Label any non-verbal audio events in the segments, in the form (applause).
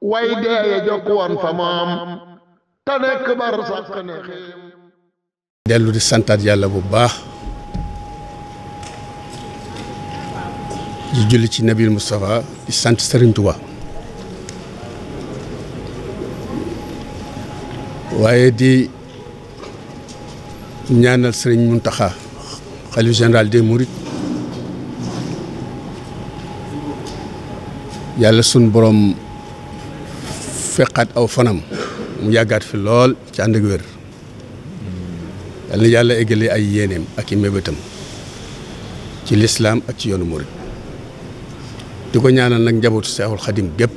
way deeye yàlla bu baax di julli ci nabil Moustapha di sant waaye di ñaanal sëriñ Mountakha xalif général des Mourides yàlla sun borom feqaat aw fanam mu yàggaat fi lool ci ànd ak wér yàlla eggale ay yéeneem ak i mébétam ci lislaam ak ci yoonu murit di ko ñaanal nag njabootu seexul xadim gépp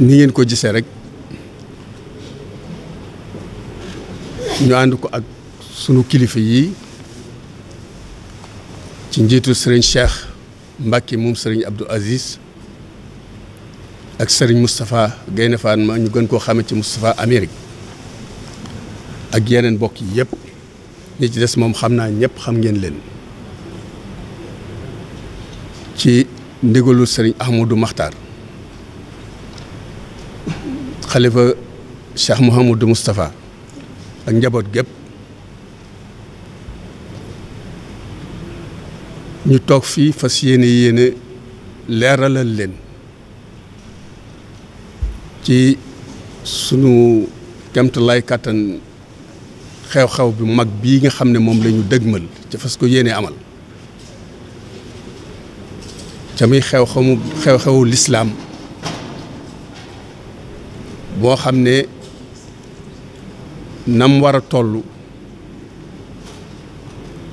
ni ngeen ko gisee rek ñu ànd ko ak sunu kilifa yi ci njiitu sëriñ Cheikh Mbacke moom sëriñ Abdou Aziz ak sëriñ mustafaa Gaynde Fatma ñu gën koo xame ci Moustapha amerig ak yeneen mbokk yi yëpp ñi ci des moom xam naa ñëpp xam ngeen leen ci ndigalu sëriñ Ahmadou Makhtar xalifa Cheikh Mouhamadou Moustapha ak njaboot gépp ñu toog fii fas yéene yéene leeralal leen ci sunu kemtalaay kàttan xew-xew bi mag bii nga xam ne moom lañu ñu dëgmal ci fas ko yéene amal ca muy xew-xewu xew lislaam boo xam ne nam war a toll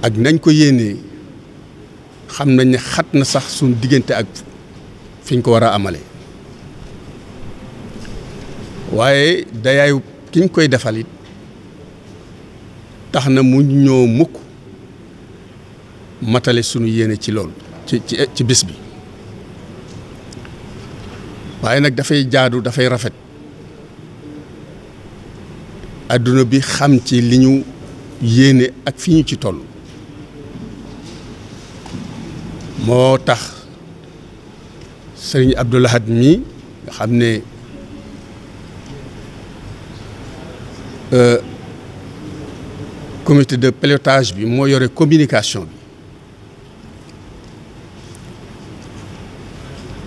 ak nañ ko yéenee xam nañ ni xat na sax suñ diggante ak fi ñu ko war a amale waaye dayaayu ki ñu koy defal it tax na mu ñoo mukk matale sunu yéene ci lool ci ci ci bis bi waaye nag dafay jaadu dafay rafet àdduna bi xam ci li ñu yéene ak fi ñu ci toll moo serigne abdullah hadmi mi nga xam euh, comité de pilotage bi mo yoré communication bi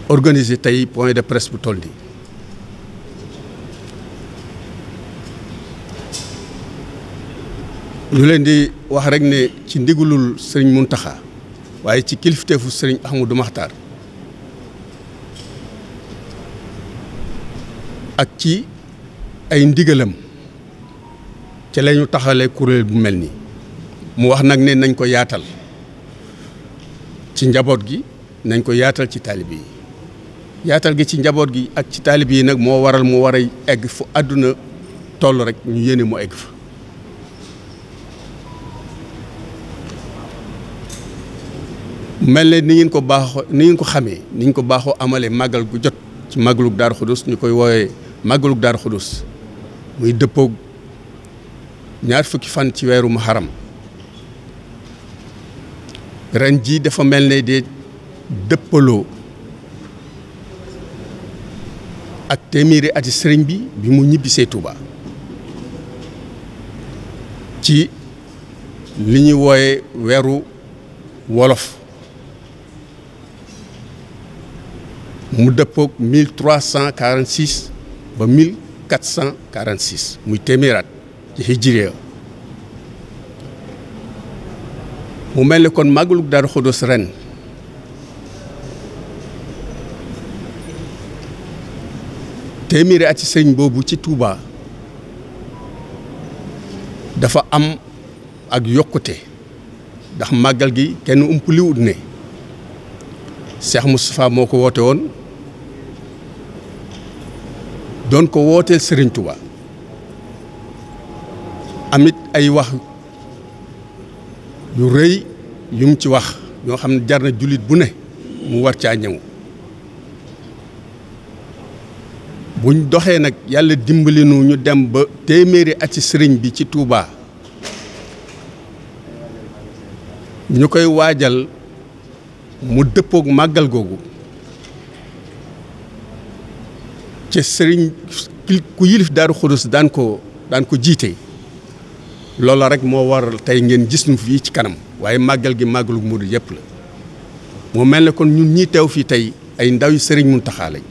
organiser tay point de presse bu toll ñu leen di wax rek ne ci ndigulul serigne Mountakha waaye ci kilifteefu sëriñ du Maxtaar ak ci ay ndigalam ci lañu ñu taxalee kuréel bu mel nii mu wax nag ne nañ ko yaatal ci njaboot gi nañ ko yaatal ci taalibe yi yaatal gi ci njaboot gi ak ci taalibe yi nag moo waral mu war a egg fu àdduna toll rek ñu yéene mu egg fa mel na ni ngeen ko baaxoo ni ngeen ko xamee ni ngeen ko baaxoo amalee màggal gu jot ci màggalug Daaru Xudus ñu koy woowee màggalug Daaru Xudus muy dëppoog ñaar fukki fan ci weeru Muharram ren jii dafa mel ne de dëppaloo ak téeméeri ati sëriñ bi bi mu ñibbisee Touba ci li ñuy wooye weeru wolof mu dëppoog mille trois cent quarante six ba mille quatre cent quarante six muy téeméeraat ci hijriya mu mel ni kon màggalug Daaru Xudoos ren téeméeri at ci sëñ boobu ci Touba dafa am ak yokkute ndax màggal gi kenn umpuliwut ne Cheikh Moustapha moo ko woote woon doon ko wooteel Serigne Touba amit ay wax yu rëy yu mu ci wax yoo xam ne jar na jullit bu ne mu war caa ñëw buñ doxee nag yàlla dimbali nu ñu dem ba téeméeri at ci sëriñ bi ci Touba ñu koy waajal mu dëppook màggal googu. ca sëriñ ku yilif daru xudus dan ko dan ko jité lolo rek mo war tay ngeen gis ñu fi ci kanam waye magal gi màggalu murid yep la mo mel kon ñun ñi tew fi tay ay ndaw yu serigne Muntaxa lañ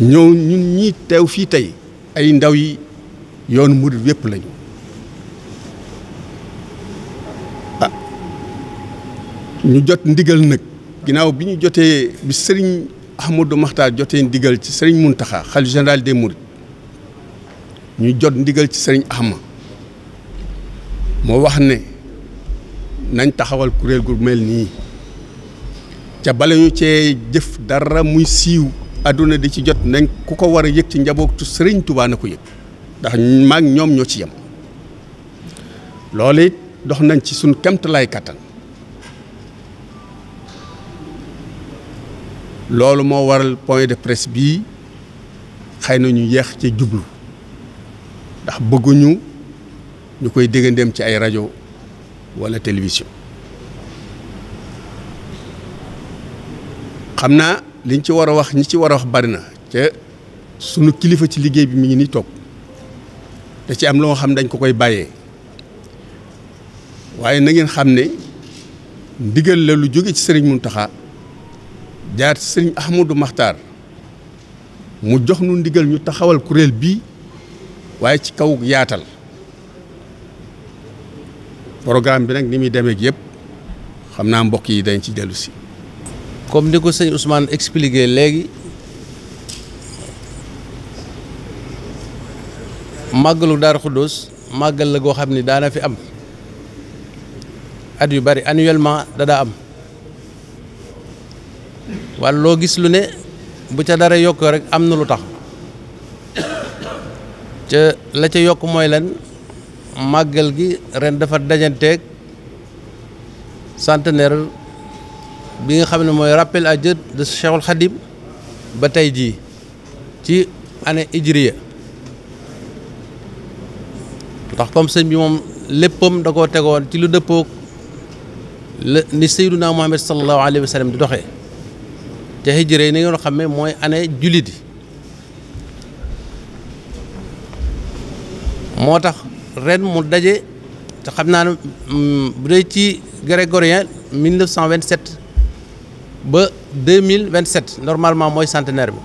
ñoo ñun ñi tew fi tay ay ndaw yi yoon murid yep lañu ñu jot ndigal nak ginaaw biñu joté bi serigne Ahmadou Makhtar jotee ndigal ci sëriñ Mountakha xalif général de Mourides ñu jot ndigal ci sëriñ Ahma moo wax ne nañ taxawal kuréel gu mel nii ca bala ñu cee jëf dara muy siiw àdduna di ci jot nañ ku ko war a yëg ci njabootu sëriñ Touba na ko yëg ndax maag ñoom ñoo ci yem loolu it dox nañ ci suñ kemt lay kattan loolu moo waral point de presse bii xëy na ñu yeex ci jublu ndax bëgguñu ñu koy déggandeem ci ay rajo walla télévision xam naa liñ ci war a wax ñi ci war a wax bari na te sunu kilifa ci liggéey bi mi ngi ni toog da ci am loo xam ne dañ ko koy bàyyee waaye na ngeen xam ne ndigal la lu jóge ci sëriñ Muntaxa jaar ci sëriñ Ahmadou mu jox nu ndigal ñu taxawal kuréel bii waaye ci kaw yaatal programme bi nag ni muy demeek yëpp xam naa mbokk yi dañ ci dellusi comme ni ko sëñ Ousmane expliqué léegi màggalu Daaru Xuddoos màggal la goo xam ni daana fi am at yu bari annuellement dadaa am wala loo gis lu ne bu ca dara yokkoo rek am na lu tax ca la ca yokk mooy lan màggal gi ren dafa dajanteeg centenaire bi nga xam ne mooy rappel à Dieu de Cheikhul Khadim ba tey jii ci année hijriya ndax comme sëñ bi moom léppam da koo tegoon ci lu dëppoog la ni Seydunaa Muhammad sallallahu alayhi wa sallam di doxee te hijra ni ngeen xamé moy ané julit jullit yi moo ren mu dajé te xamna bu dé ci grégorien 1927 ba 2027 normalement moy centenaire bi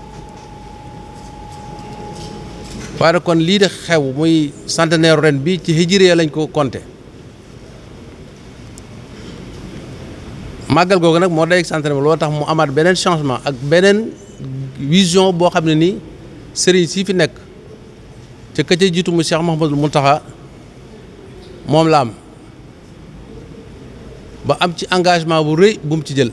par kon li de xew moy centenaire ren bi ci hijra lañ ko compté màggal googu nag moo day centre bi loo tax mu amaat beneen changement ak beneen vision boo xam ne nii sëriñ sii fi nekk ca ka ca jiitu mu Cheikh mu Mountakha moom la ba am ci engagement bu rëy bu mu ci jël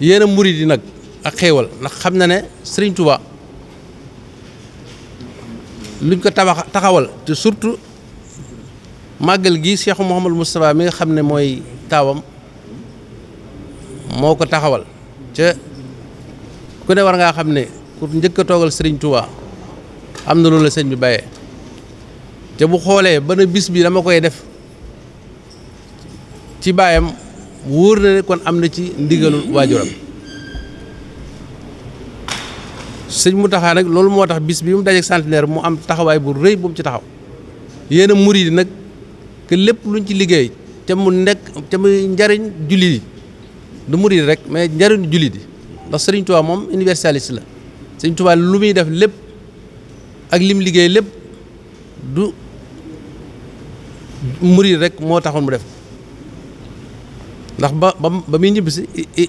yéen a yi nag ak xéewal ndax xam na ne sëriñ Touba ko tabax taxawal te surtout màggal gi Cheikh Mouhamadul Moustapha mi nga xam ne mooy taawam. moko taxawal ci ku ne war nga xamne ku njëkk togal Serigne Touba amna loolu serigne bi baye te bu xolé ba na bis bi dama koy def ci bayam wóor na kon amna ci ndigalul wajuram serigne mu nak loolu motax bis bi mu dajeeg centenaire mu am taxaway bu reuy bu mu ci taxaw yéen mouride nak ke lepp luñ ci liggéey te mu nek te mu njariñ julli du murid rek mais njariñu jullit yi ndax Serigne Touba moom universaliste la Serigne Touba lu muy def lépp ak lim liggéey lépp du murid rek moo taxoon mu def ndax ba ba ba muy ñibbisi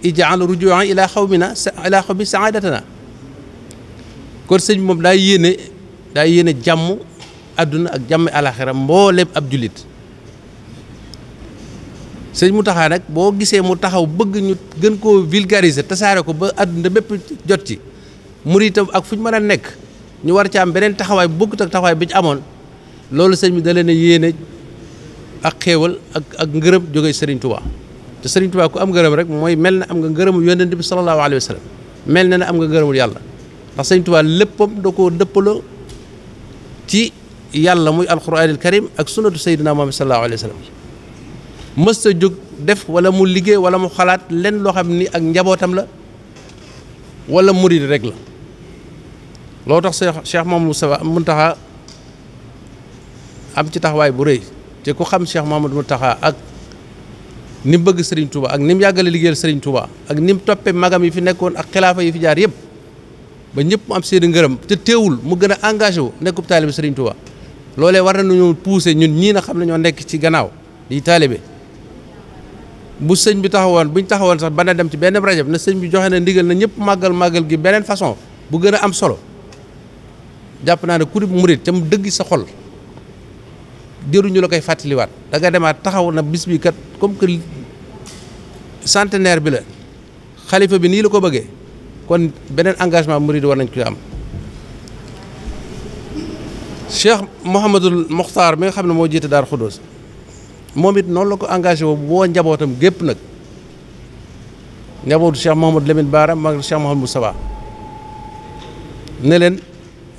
ijaal rujuan ilaa xawmina ilaa xawmi saadatana kon sëñ moom daa yéene daa yéene jàmm àdduna ak jàmm alaxira mboolem ab jullit sëñ Mountakha nag boo gisee mu taxaw bëgg ñu gën koo vulgariser tasaare ko ba àdduna bépp jot ci muritam ak fu ñu mën a nekk ñu war ci am beneen taxawaay bu bokkut ak taxawaay bi ñu amoon loolu sëñ bi da na a yéene ak xéewal ak ak ngërëm jóge Serigne Touba te Serigne ku am ngërëm rek mooy mel na am nga ngërëmu yonent bi sallallahu alayhi wa sallam mel na ne am nga ngërëmul yàlla ndax Serigne Touba léppam da koo dëppaloo ci yàlla muy alquranil karim ak sunnatu sayyidina Muhammad sallallahu alayhi wa sallam mës jóg def wala mu liggéey wala mu xalaat lenn loo xam ni ak njabootam la wala murid rek la loo tax Cheikh mu Mamadou mun taxa am ci taxawaay bu rëy te ku xam Cheikh Mamadou Mountakha ak ni mu bëgg Serigne Touba ak ni mu yàggale liggéeyal Serigne Touba ak ni mu toppe magam yi fi nekkoon ak xilaafa yi fi jaar yëpp ba ñëpp mu am seeni ngërëm te teewul mu gën a engagé wu nekkub taalibe Serigne Touba loolee war nañu pousser ñun ñii na xam ne ñoo nekk ci gannaaw di taalibe bu sëñ bi taxawoon buñ taxawoon sax bana dem ci benn rajab na sëñ bi joxe na ndigal na ñëpp màggal màggal gi beneen façon bu gën a am solo jàpp naa ne kurib murit ca mu dëgg sa xol jëruñu la koy fàttaliwaat da nga demaat taxaw na bis bi kat comme que centenaire bi la xalifa bi nii la ko bëggee kon beneen engagement murit war nañ ko am Cheikh Mouhamadul Mokhtar mi nga xam ne moo jiite Daaru Xudoos moom it noonu la ko engagé woo boo njabootam gépp nag njabootu Cheikh Mouhamadou Lamine baara mag Cheikh Mouhamadou Moustapha ne leen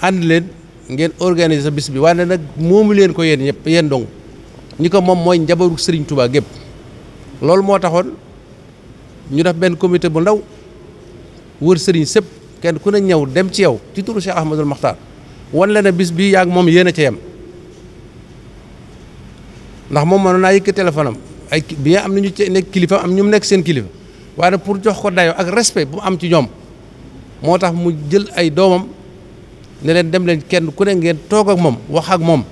ànd leen ngeen organiser bis bi waaye nag moomu leen ko yéen ñëpp yéen dong ñi ko moom mooy njabootu sëriñ tubaa gépp loolu moo taxoon ñu def benn comité bu ndaw wër Serigne sëpp kenn ku ne ñëw dem ci yow ci turu Cheikh Ahmadul Makhtar wan leen bis bi yaa ngi moom yéen a ca yem ndax moom mënoon naa yëkk téléphone am ay bien am na ñu ci nekk kilifa am ñu nekk seen kilifa waaye pour jox ko dayoo ak respect bu am ci ñoom moo tax mu jël ay doomam ne leen dem leen kenn ku ne ngeen toog ak moom wax ak moom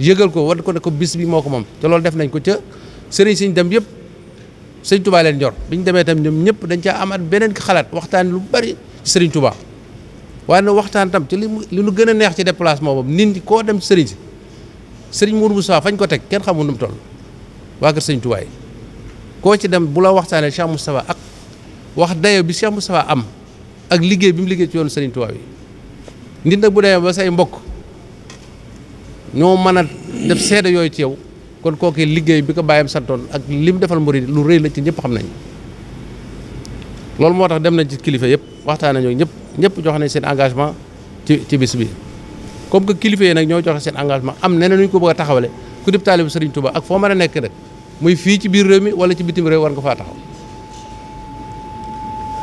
yëgal ko war ko ne ko bis bi moo ko moom te loolu def nañ ko ca sëriñ siñ dem yëpp sëriñ Touba leen jor bi ñu demee tam ñoom ñëpp dañ caa amaat beneen xalaat waxtaan lu bari sëriñ Touba waaye nag waxtaan tam ci li mu li nu gën a neex ci déplacement boobu nit koo dem sëriñ si sëriñ Mourou Moussa fañ ko teg kenn xamul nu mu toll waa kër sëriñ Tuubaa koo ci dem bu la waxtaanee Cheikh Moustapha ak wax dayo bi Cheikh Moustapha am ak liggéey bi mu liggéey ci yoonu sëriñ Tuubaa yi nit bu demee ba say mbokk ñoo mën a def seede yooyu ci yow kon kookee liggéey bi ko bàyyam santoon ak lim defal murid lu rëy la ci ñëpp xam nañ loolu moo tax dem nañ ci kilifa yëpp waxtaan nañoo ñëpp ñëpp jox nañ seen engagement ci ci bis bi comme que kilifa yi nag ñoo joxe seen engagement am neneen ñu ko bëgg a taxawale ku dib taalibu sëriñ Touba ak foo mën a nekk nag muy fii ci biir réew mi wala ci bitim réew war nga faa taxaw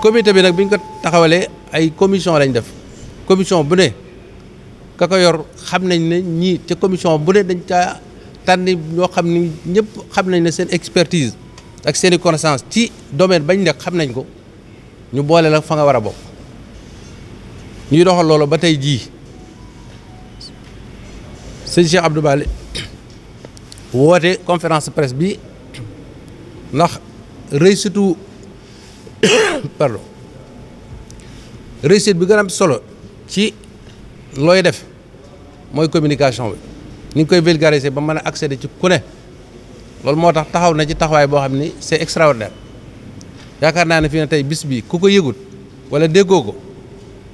comité bi nag bi nga ko taxawalee ay commission lañ def commission bu ne ka ko yor xam nañ ne ñii te commission bu ne dañ caa tànni ñoo xam ni ñëpp xam nañ ne seen expertise ak seen i connaissance ci domaine bañ nekk xam nañ ko ñu boole la fa nga war a bokk ñuy doxal ba tey jii sëñ Cheikh Abdou Bali woote conférence presse bi ndax réussite (coughs) pardon réussite bi gën a am solo ci looy def mooy communication bi ni nga koy vulgariser ba mën a accéder ci ku ne loolu moo tax taxaw na ci taxawaay boo xam ni c'est extraordinaire yaakaar naa ne fii ne tey bis bi ku ko yëgut wala déggoo ko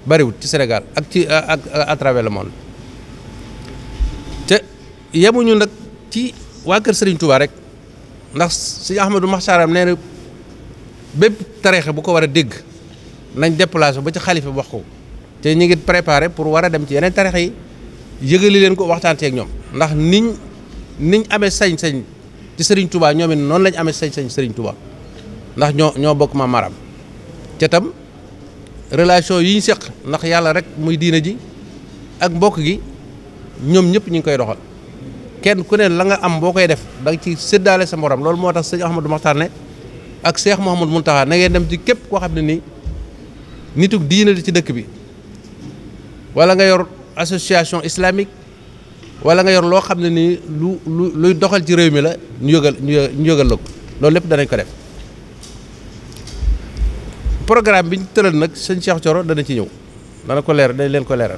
bariwut ci Sénégal ak ci ak à le monde. yemuñu nag ci waa kër Serigne Touba rek ndax si Ahmadou Maxtaram nee na bépp tariixa bu ko war a dégg nañ déplacé ba ci xalifa bi wax ko te ñu ngi préparé pour war a dem ci yeneen tariixa yi yëgali leen ko waxtaan ak ñoom ndax niñ niñ amee sañ-sañ ci sëriñ tubaa ñoom it noonu lañ amee sañ-sañ Serigne Touba ndax ñoo ñoo bokk ma maram te tam relation yi ñu seq ndax yàlla rek muy diina ji ak mbokk gi ñoom ñëpp ñu ngi koy doxal. kenn ku ne la nga am boo koy def da ci séddaale sa morom loolu moo tax sëñ Ahmadou Maxtaar ne ak Cheikh Mouhamadou Mountakha na ngeen dem ci képp koo xam ne nii nituk diina di ci dëkk bi wala nga yor association islamique wala nga yor loo xam ne nii lu lu luy doxal ci réew mi la ñu yëgal ñu yëgal la loolu lépp danañ ko def programme bi ñu tëral nag sëñ Cheikh Thioro dana ci ñëw dana ko leer dañ leen ko leeral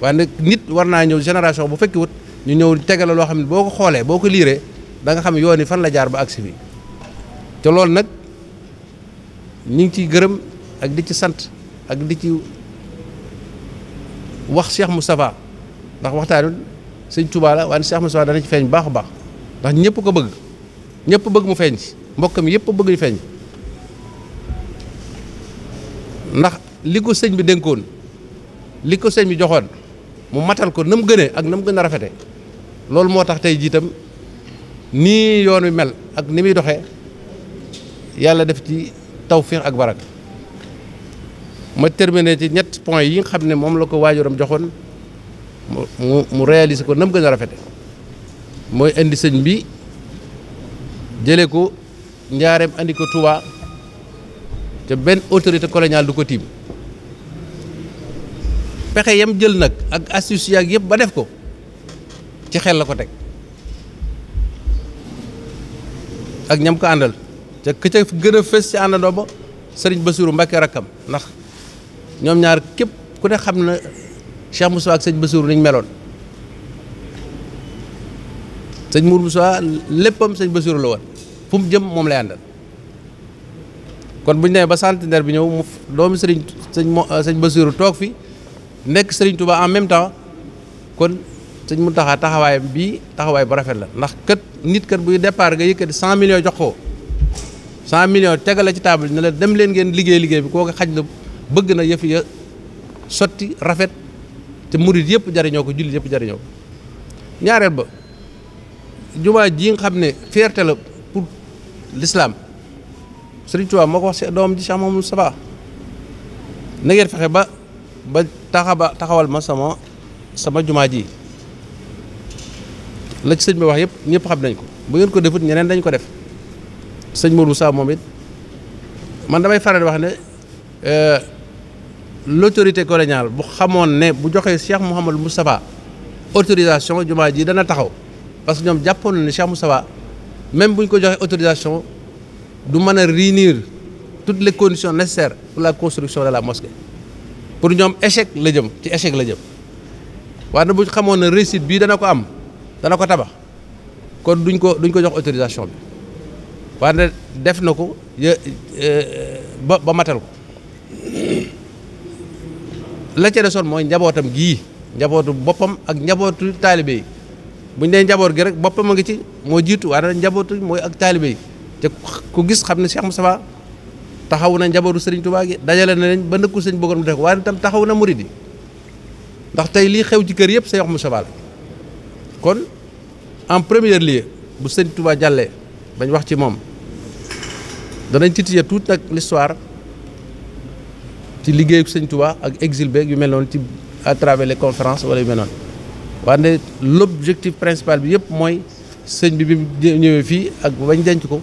waaye nag nit war naa ñëw génération bu fekki wut ñu ñëw tegale loo xam ne boo ko xoolee boo ko liiree danga nga xam yoon yi fan la jaar ba agsi bi te loolu nag ñu ngi ciy gërëm ak di ci sant ak di ci wax Cheikh Moustapha ndax waxtaan sëñ tubaala la waaye Cheikh Moustapha dana ci feeñ baax a baax ndax ñëpp ko bëgg ñëpp bëgg mu feeñ ci mbokkam yëpp bëgg ñu feeñ ndax li ko sëñ bi dénkoon li ko sëñ bi joxoon mu matal ko na mu gënee ak na mu gën rafete loolu moo tax tey jiitam nii yoon wi mel ak ni muy doxee yàlla def ci tawfiix ak baraka ma terminé ci ñett point yi nga xam ne moom la ko waajuram joxoon mu mu réaliser ko na gën a rafete mooy indi sëñ bi jëlee ko njaareem indi ko Touba te benn autorité coloniale du ko tiim pexe yam jël nak ak astuce yak yeb ba def ko ci xel la ko tek ak ñam ko andal ca ka ca gën a ci àndandoo ba serigne basirou Mbacké rakam nak ñom ñaar kep ku ne xam na Cheikh Moussa ak serigne basirou niñ melone sëñ Mour Moussa léppam sëñ Bassirou la woon fu mu jëm moom lay àndal kon bu ñu demee ba centenaire bi ñëw mu doomi sëriñ sëñ sëñ Bassirou fi nekk Serigne Touba en même temps kon sëñ Mountakha taxawaay bii taxawaay bu rafet la ndax kët nit kat buy départ nga yëkkati 100 millions jox ko 100 millions tegal la ci table ne la dem leen ngeen liggéey liggéey bi kooku xaj na bëgg na yëf ya sotti rafet te murit yëpp jariñoo ko jullit yëpp jariñoo ko ñaareel ba jumaa ji nga xam ne fierté la pour l'islam Serigne Touba moo ko wax si doom ji Cheikh Mamadou Moustapha na fexe ba. ba taxaba taxawal ma sama sama juma ji la ci sëñ bi wax yëpp ñëpp xam nañ ko bu ngeen ko defut ñeneen dañ ko def sëñ Modou Sa momit man damay faral wax ne euh l'autorité coloniale bu xamoon ne bu joxee Cheikh mohammed Moustapha autorisation juma ji dana taxaw parce que ñoom jàppoon na ne Cheikh Moustapha même buñ ko joxe autorisation du mën a réunir toutes les conditions nécessaires pour la construction de la mosquée pour ñoom échec la jëm ci échec la jëm waaye ne bu xamoon ne réussite bii dana ko am dana ko tabax kon duñ ko duñ ko jox autorisation bi waaye ne def na ko ba ba ko la ca desoon mooy njabootam gii njabootu boppam ak njabootu taalibe yi buñ dee njaboot gi rek boppam a ngi ci moo jiitu njabootu mooy ak taalibe yi te ku gis xam ne Cheikh Moustapha taxaw na njabaru sëriñ Tuubaa gi dajale na leen ba nëkku sëñ bëggoon mu def waaye itam taxaw na murid yi ndax tey lii xew ci kër yëpp Seex Musaa la kon en premier lieu bu sëñ Tuubaa jàllee bañ wax ci moom danañ titiller tuut nag l'histoire ci liggéeyu sëñ Tuubaa ak exil beeg yu mel noonu ci à travers les conférences wala yu mel noonu wante l'objectif principal bi yëpp mooy sëñ bi bi ñëwee fii ak bañ denc ko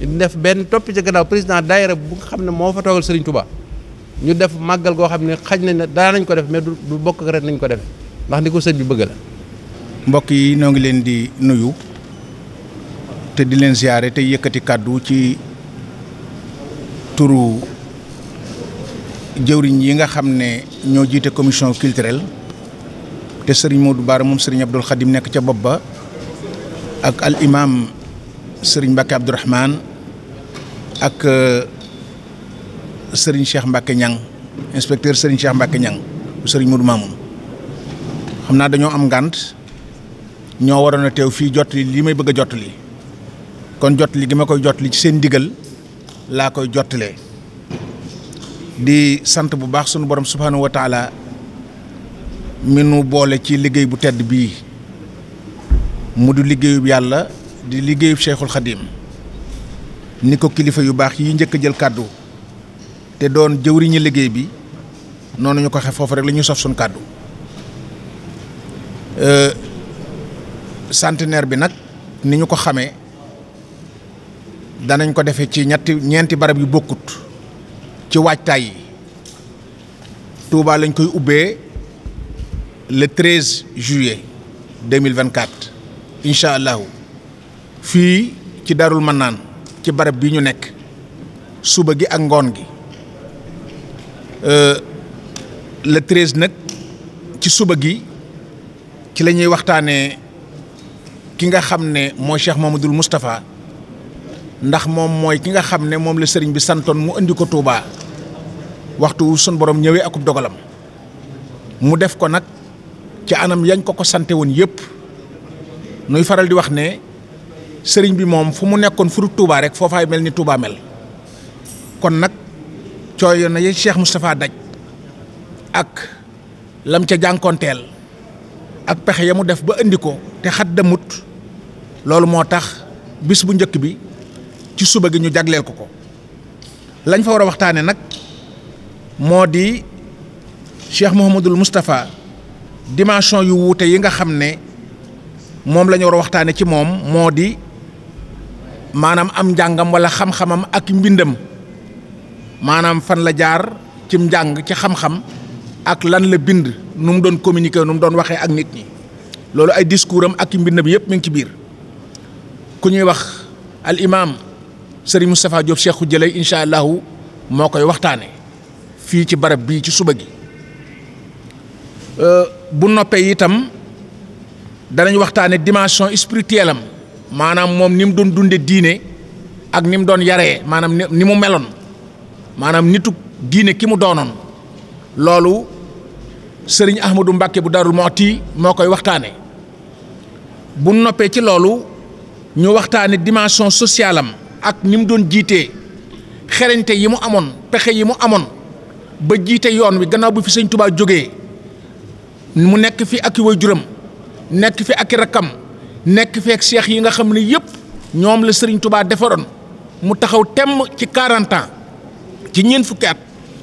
def benn topp ci gannaaw président daayira bu nga xam ne moo fa toogal Serigne Touba ñu def màggal goo xam ne xaj nañ ne daa nañ ko def mais du bokk rek nañ ko def ndax ni ko sëñ bi bëgg la. mbokk yi noo ngi leen di nuyu te di leen ziare te yëkkati kàddu ci turu jëwriñ yi nga xam ne ñoo jiite commission culturelle te sëriñ moo du Bara moom Serigne Abdoul Khadim nekk ca bopp ba ak al imam. sering Mbacke Abdourahmane ak euh, sering Cheikh Mbacke Niang inspecteur serigne Cheikh Mbacke Niang bu serigne Modou Mamoun xamna naa am gant ño warona tew fi jotli bëgg jotli kon jotli gi ma koy jottali ci seen digël la koy jotlé di sante bu baax sunu borom subhanahu wa taala minu boole ci liggéey bu tedd bii mu du liggéeyub yàlla di liggéeyub Cheikhul Khadim ni ko kilifa yu baax yi njëkk jël kàddu te doon jëwriñu liggéey bi noonu ñu ko xef foofu rek la ñu sof suñ kàddu euh, centenaire bi nag ni ñu ko xamee danañ ko defee ci ñetti ñeenti barab yu bokkut ci waajtaay yi Touba lañ koy ubbee le 13 juillet 2024 incha allahu Fi ci darul manan ci barab bi ñu nek suba gi ak ngon gi euh, le 13 nak ci suba gi ci lañuy waxtane ki nga xamne ne Cheikh mamadou Moustapha ndax mom moy ki nga xamne mom le serigne bi santone mu andi ko Touba waxtu sun borom ñewé akub dogalam mu def ko nak ci anam yañ ko ko sante woon yépp nuy faral di wax ne sëriñ bi moom fu mu nekkoon fu dul Touba rek foofaay mel ni Touba mel kon nag cooyo na yi Cheikh mustafa daj ak lam ca jànkonteel ak pexe ya mu def ba indi ko te xat damut loolu moo tax bis bu njëkk bi ci suba gi ñu jagleel ko ko lañ fa war a waxtaane nag moo di Cheikh Mouhamadul Moustapha dimension yu wuute yi nga xam ne moom lañu war a waxtaane ci moom moo di maanaam am njàngam wala xam-xamam ak mbindam maanaam fan la jaar ci njàng ci xam-xam ak lan la bind nu mu doon communiquer nu mu doon waxee ak nit ñi loolu ay discours am ak mbindam yëpp mi ngi ci biir ku ñuy wax al imam Serigne Moustapha Diop Cheikhou Jëlay incha allahu moo koy waxtaane fii ci barab bii ci suba gi euh, bu noppee itam danañ waxtaane dimension spirituelle maanaam moom ni mu doon dunde diine ak ni mu doon yaree maanaam ni mu meloon maanaam nitu diine ki mu doonoon loolu sëriñ Ahmadou Mbacke bu Darou Mouhty moo koy waxtaane bu noppee ci loolu ñu waxtaane dimension sociale am ak ni mu doon jiitee xerañte yi mu amoon pexe yi mu amoon ba jiite yoon wi gannaaw bu fi sëñ Touba jógee mu nekk fi ak i waajuram nekk fi ak i rakkam nekk feek seex yi nga xam ne yëpp ñoom la Serigne Touba defaroon mu taxaw temm ci 40 ans ci ñeent fukki at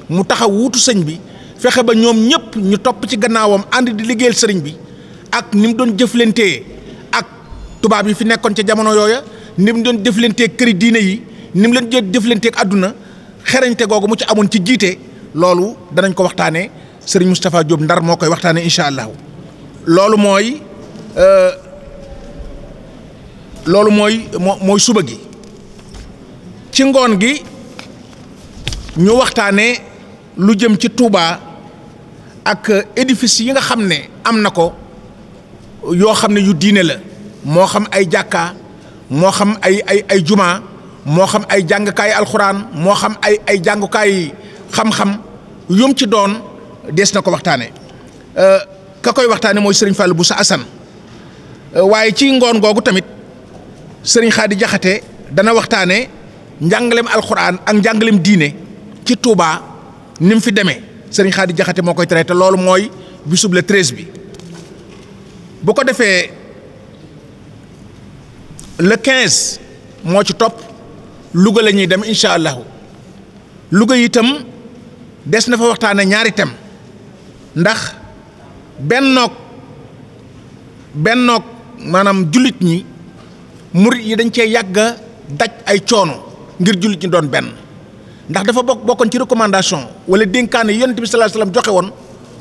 mu taxaw wuutu sëñ bi fexe ba ñoom ñëpp ñu topp ci gannaawam ànd di liggéeyal sëriñ bi ak ni mu doon jëflantee ak tubaab yi fi nekkoon ca jamono yooya ni mu doon jëflantee këri diine yi ni mu leen doon jëflantee ak àdduna xerañte googu mu ci amoon ci jiite loolu danañ ko waxtaanee sëriñ Moustapha Diop Ndar moo koy waxtaane incha allahu loolu mooy. Euh, loolu mooy moo mooy suba gi ci ngoon gi ñu waxtaanee lu jëm ci Touba ak édifice yi nga xam ne am na ko yoo xam ne yu diine la moo xam ay jàkka moo xam ay ay ay juma moo xam ay jàngukaay alxuraan moo xam ay ay jàngukaayu xam-xam yum ci doon dees na ko waxtaanee euh, ka koy waxtaane mooy Serigne bu sa Assane euh, waaye ci ngoon googu tamit. sëriñ Xaadi Jaxate dana waxtaane njàngalem alxuraan ak njàngalem diine ci Touba ni fi demee sëriñ Xaadi Jaxate moo koy traité loolu mooy bisub le treize bi bu ko defee le quinze moo ci topp Louga la ñuy dem incha allahu Louga itam des na fa waxtaane ñaari tem ndax bennoog bennoog maanaam jullit ñi murit yi dañ cee yàgg a daj ay coono ngir jullit ñi doon benn ndax dafa bokk bokkoon ci recommandation wala dénkaane yonent bi sallallahu alayhi joxe woon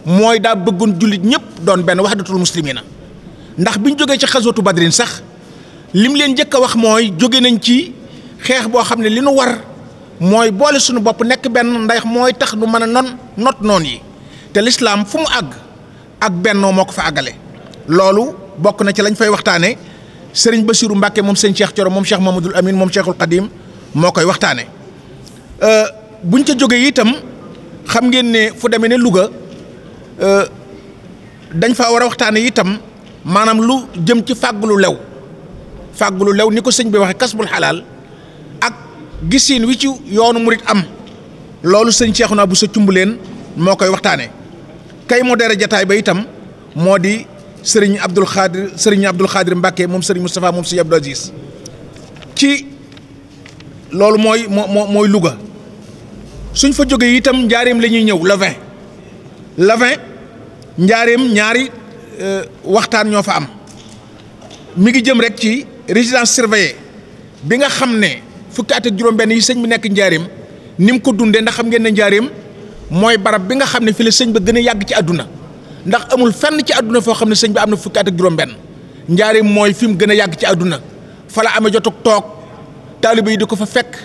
mooy daa bëggoon jullit ñëpp doon benn wax wahdatul muslimina ndax bi ñu jógee ci xasootu badrin sax lim leen njëkk a wax mooy jóge nañ ci xeex boo xam ne li nu war mooy boole suñu bopp nekk benn ndax mooy tax nu mën a non not noon yi te lislaam fu mu àgg ak bennoo moo ko fa àggale loolu bokk na ci lañ fay waxtaanee. sëriñ Bassirou Mbacke moom sëñ Cheikh Thioro moom Cheikh Mamadou Amine moom Cheikhul Khadim moo koy waxtaane euh, buñ ca jógee itam xam ngeen ne fu demee ne luga euh, dañ faa war a waxtaane itam maanaam lu jëm ci fàggulu lew fàggulu lew ni ko sëñ bi waxee kasbul xalaal ak gisiin wi ci yoonu murit am loolu sëñ Cheikh naa bu sa cumb leen moo koy waxtaane kay moo dere jataay ba itam moo di sëriñ Abdul Xaadir sëriñ Abdul Xaadir Mbàkke moom sëriñ Moustapha moom sëriñ Abdou Aziz ci loolu mooy mooy Louga suñ fa jógee itam njaareem la ñuy ñëw le 20 le 20 njaareem ñaari euh, waxtaan ñoo fa am mi ngi jëm rek ci résidence surveillée bi nga xam ne fukki at ak juróom-benn yi sëñ bi nekk njaarim ni mu ko dundee ndax xam ngeen ne njaareem mooy barab bi nga xam ne fi la sëñ ba gën a yàgg ci àdduna ndax amul fenn ci àdduna foo xam ne sëñ bi am na fukki at ak juróom-benn njaarim mooy fi mu gën a yàgg ci àdduna fa la amee jotug toog taaliba yi di ko fa fekk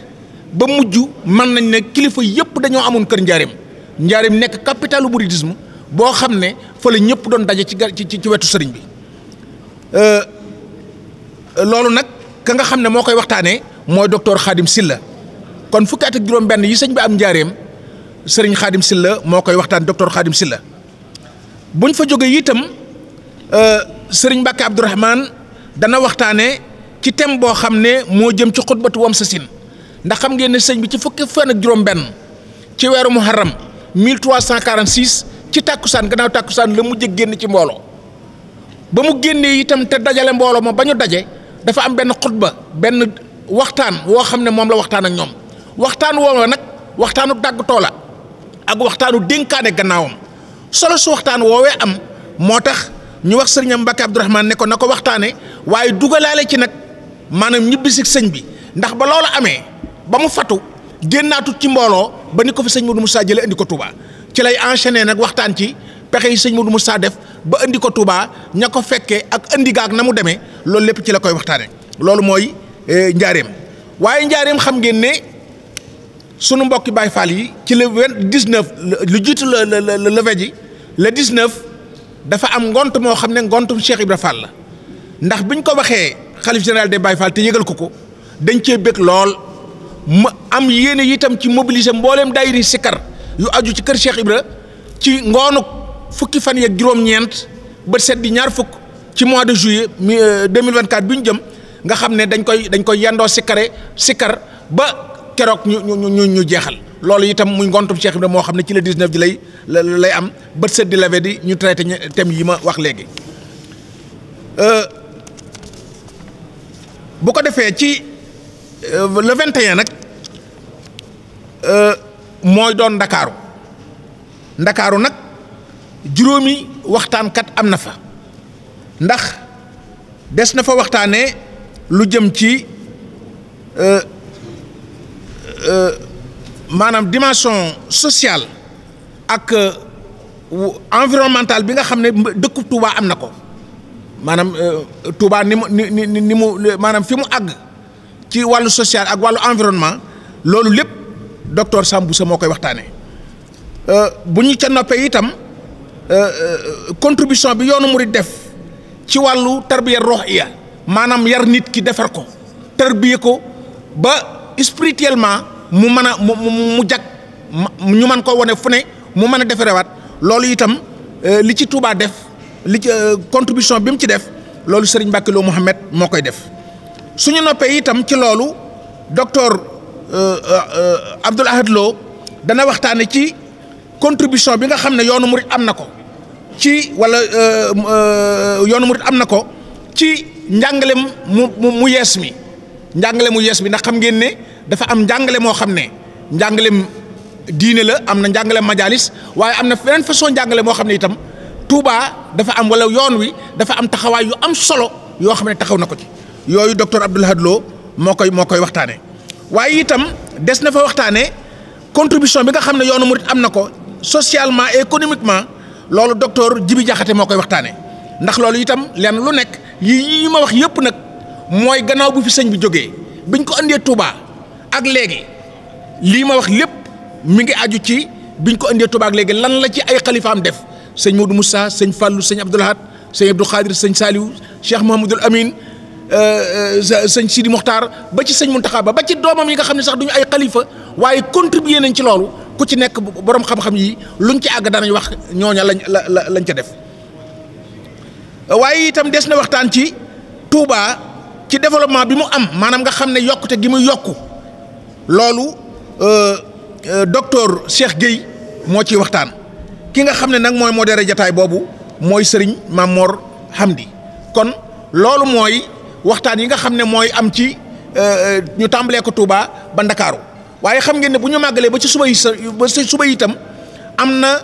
ba mujj man nañ ne kilifa yëpp dañoo amoon kër njaarim njaarim nekk capitalu mouridisme boo xam ne fa la ñëpp doon daje ci ci ci wetu sëriñ bi euh, loolu nag ka nga xam ne moo koy waxtaanee mooy docteur Khadim Silla kon fukki at ak juróom-benn yi sëñ bi am njaareem sëriñ Khadim Silla moo koy waxtaan docteur Khadim Silla buñ fa jógee itam euh, sëriñ Mbàkke Abdourahman dana waxtaanee ci thème boo xam ne moo jëm ci xutbatu wamsasin ndax xam ngeen ne sëñ bi ci fukki fan ak juróom-benn ci weeru muharram 1346 ci tàkkusaan gannaaw tàkkusaan la mujj génn ci mbooloo ba mu génnee itam te dajale mbooloo ma ba ñu daje dafa am benn xutba benn waxtaan woo xam ne moom la waxtaan ak ñoom waxtaan woo nag waxtaanu dàgg toola ak waxtaanu dénkaane gannaawam. solo su waxtaan woowee am moo tax ñu wax sëriñam Mbacke Abdourahmane ne ko na ko waxtaanee waaye dugalaale ci nag maanaam ñibbisi sëñ bi ndax ba loolu amee ba mu fatu génnaatut ci mbooloo ba ni ko fi sëñ mu saa jëlee indi ko Touba ci lay enchaîner nag waxtaan ci pexe yi sëñ mu saa def ba indi ko Touba ña ko fekke ak indi gaag na mu demee loolu lépp ci la koy waxtaanee loolu mooy eh, njaareem waaye njaareem xam ngeen sunu mbokki Baay Faal yi ci le vingt dix neuf lu jiitu la la la levée ji le dix neuf dafa am ngont moo xam ne ngontum Cheikh Ibra Fall la ndax biñ ko waxee xalif général des Baay Faal te yëgal ko ko dañ cee bëgg lool mu am yéene itam ci mobiliser mbooleem daayiri sikkar yu aju ci kër Cheikh Ibra ci ngoonu fukki fan yeeg juróom-ñeent ba set di ñaar fukk ci mois de juillet mi 2024 euh, bi ñu jëm nga xam ne dañ koy dañ koy yendoo sikkare sikkar ba. keroog ñu ñu ñu ñu jeexal loolu itam muy ngontum Cheikh Ibrahima moo xam ne ci la 19 ji lay lay am bët set di lave di ñu traité thème yi ma wax léegi. Euh, bu ko defee ci euh, le 21 nag euh, mooy doon ndakaaru ndakaaru nag juróomi waxtaankat am na fa ndax des na fa waxtaanee lu jëm ci. Euh, maanaam dimension sociale ak euh, environnementale bi nga xam ne dëkku Touba am na ko maanaam euh, Touba ni mu ni ni ni mu maanaam fi mu àgg ci wàllu social ak wàllu environnement loolu lépp docteur Sambousa moo koy waxtaanee bu ñu ca noppee itam contribution bi yoonu murid def ci wàllu tarbiya ruhiya maanaam yar nit ki defar ko tarbiya ko ba spirituellement. mu mën a mu mu jag ñu mën ko wane fu ne mu mën a defarewaat loolu itam euh, li ci tuubaa def li ci euh, contribution bi mu ci def loolu Serigne Mbacké Lo moo koy def suñu noppee itam ci loolu docteur euh, Abdoul Ahad dana waxtaane ci contribution bi nga xam ne yoonu murit am na ko ci wala yoonu murit am na ko ci njàngale mu mu yees mi njàngale mu yees mi ndax xam ngeen ne dafa am njàngale moo xam ne njàngalem diine la am na njàngale majalis waaye am na beneen façon njàngale moo xam ne itam Touba dafa am wala yoon wi dafa am taxawaay yu am solo yoo xam ne taxaw na ko ci yooyu docteur Abdoul Ahad Lo moo koy moo koy waxtaanee waaye itam des na fa waxtaanee contribution bi nga xam ne yoonu murit am na ko socialement et économiquement loolu docteur Jibi Jaxate moo koy waxtaanee ndax loolu itam lenn lu nekk yi yi ma wax yëpp nag mooy gannaaw bu fi sëñ bi jógee biñ ko andee Touba. ak léegi lii ma wax lépp mu ngi aju ci biñ ko indee Touba ak léegi lan la ci ay xalifaam def sëñ Modou Moussa sëñ Fallou sëñ Abdoul Ahad sëñ Abdou Khadir sëñ Saliou Cheikh Mouhamadul Amin euh, euh, sëñ Sidi Mokhtar ba ci sëñ Mountakha ba ba ci doomam yi nga xam ne sax duñu ay kalifa waaye contribuer nañ ci loolu ku ci nekk boroom xam-xam yi luñ ci àgg danañ wax ñooña lañ la la lañ ca def waaye itam des na waxtaan ci Touba ci développement bi mu am maanaam nga xam ne yokkute gi mu yokku. loolu euh, euh, docteur Cheikh Guèye moo ciy waxtaan ki nga xam ne nag mooy modéré jataay boobu mooy sëriñ Mamor Hamdi kon loolu mooy waxtaan yi nga xam ne mooy am ci euh, ñu tàmbalee ko Touba ba Ndakaaru waaye xam ngeen ne bu ñu màggalee ba ci suba yi ba ci suba itam am na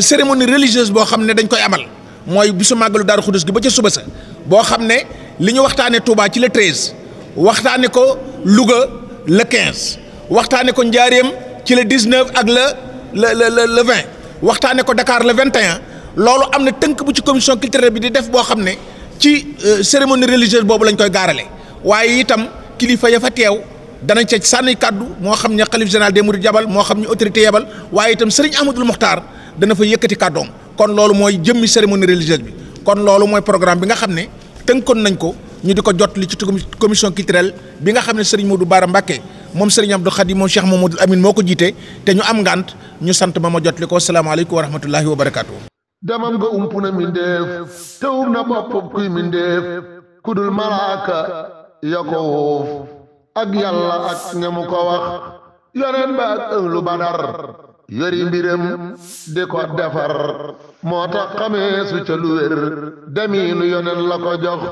cérémonie religieuse boo xam ne dañ koy amal mooy bi su màggalu daar Xudus gi ba ca suba sa boo xam ne li ñu waxtaanee Touba ci le treize waxtaanee ko Louga. le 15 waxtaane ko njaareem ci le 19 ak la le le le 20 waxtaane ko Dakar vingt 21 loolu am na tënk bu ci commission culturelle bi di def boo xam ne ci euh, cérémonie religieuse boobu lañ koy gaarale waaye itam kilifa ya fa teew danañ ca sànni kàddu moo xam ne xalif général des mourides yabal moo xam ne autorité yabal waaye itam sëriñ Ahmadul Mokhtar dana fa yëkkati kàddoom kon loolu mooy jëmmi cérémonie religieuse bi kon loolu mooy programme bi nga xam ne tënkoon nañ ko. ñu di ko jot li ci commission culturelle bi nga xam ne sëriñ Modou Bara Mbacké moom sëriñ Abdou Khadim moom Cheikh Mamadou Amine moo ko jiite te ñu am ngant ñu sant ma ma jot li ko salaamaaleykum wa rahmatullahi wa barakaatu. demam nga ump na mindeef te um na bopp kuy mindeef kudul malaaka ya ko wóof ak yàlla ak ñamu ko wax yoneen ba ak ënglu badar yori mbiram di ko defar moo tax xamee su ca demiinu yonen la ko jox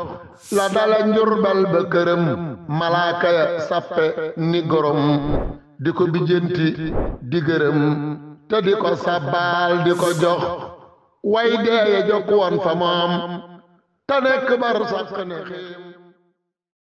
la dala njurbal ba këram malaaka sappe ni gorom di ko bijjanti di gërëm te di ko sabbaal di ko jox way deeye jokk woon fa moom te nekk bar sàq